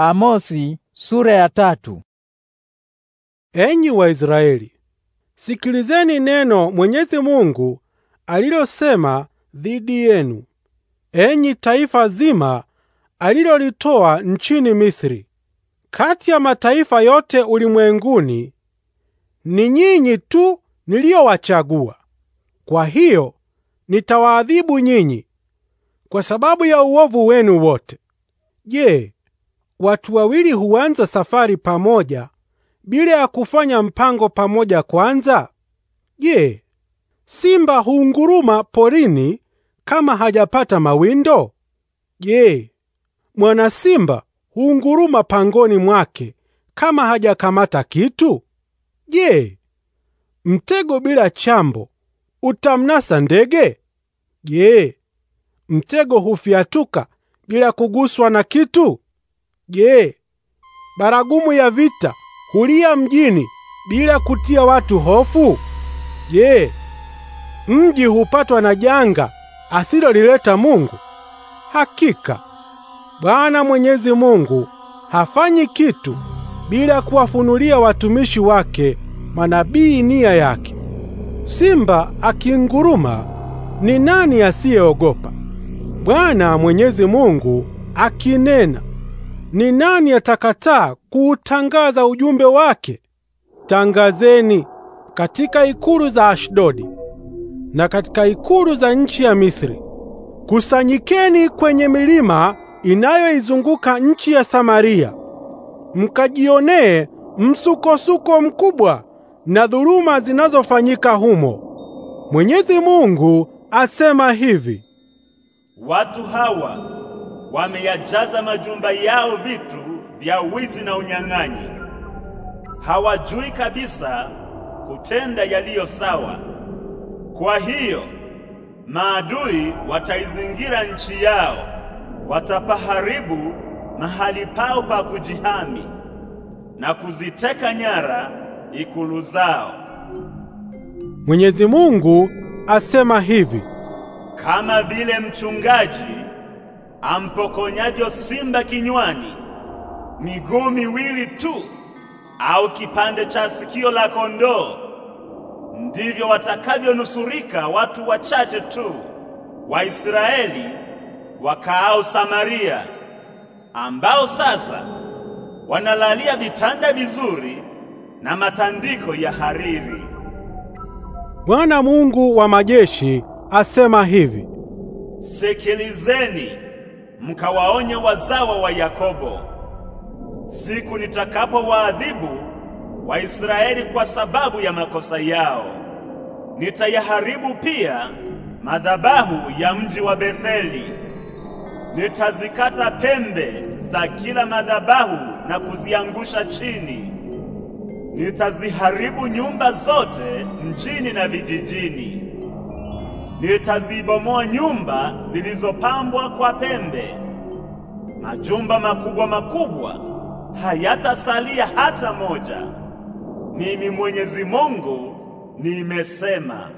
Amosi sura ya tatu. Enyi Israeli, sikilizeni neno Mwenyezi Mungu alilosema dhidi yenu, enyi taifa zima alilolitoa nchini Misri. Kati ya mataifa yote ulimwenguni ni nyinyi tu niliyowachagua. Kwa hiyo nitawaadhibu nyinyi kwa sababu ya uovu wenu wote. Je, watu wawili huanza safari pamoja bila ya kufanya mpango pamoja kwanza? Je, simba huunguruma porini kama hajapata mawindo? Je, mwana simba huunguruma pangoni mwake kama hajakamata kitu? Je, mtego bila chambo utamnasa ndege? Je, mtego hufyatuka bila kuguswa na kitu? Je, baragumu ya vita hulia mjini bila kutia watu hofu? Je, mji hupatwa na janga asilolileta Mungu? Hakika Bwana Mwenyezi Mungu hafanyi kitu bila kuwafunulia watumishi wake manabii nia yake. Simba akinguruma, ni nani asiyeogopa? Bwana Mwenyezi Mungu akinena, ni nani atakataa kuutangaza ujumbe wake? Tangazeni katika ikulu za Ashdodi na katika ikulu za nchi ya Misri. Kusanyikeni kwenye milima inayoizunguka nchi ya Samaria, mkajionee msukosuko mkubwa na dhuluma zinazofanyika humo. Mwenyezi Mungu asema hivi: watu hawa wameyajaza majumba yao vitu vya wizi na unyang'anyi. Hawajui kabisa kutenda yaliyo sawa. Kwa hiyo maadui wataizingira nchi yao, watapaharibu mahali pao pa kujihami na kuziteka nyara ikulu zao. Mwenyezi Mungu asema hivi: kama vile mchungaji ampokonyajo simba kinywani miguu miwili tu au kipande cha sikio la kondoo, ndivyo watakavyonusurika watu wachache tu wa Israeli wakaao Samaria, ambao sasa wanalalia vitanda vizuri na matandiko ya hariri. Bwana Mungu wa majeshi asema hivi: Sikilizeni mkawaonye wazawa wa Yakobo, siku nitakapowaadhibu Waisraeli kwa sababu ya makosa yao. Nitayaharibu pia madhabahu ya mji wa Betheli. Nitazikata pembe za kila madhabahu na kuziangusha chini. Nitaziharibu nyumba zote mjini na vijijini nitazibomoa nyumba zilizopambwa kwa pembe, majumba makubwa makubwa hayatasalia hata moja. Mimi Mwenyezi Mungu nimesema.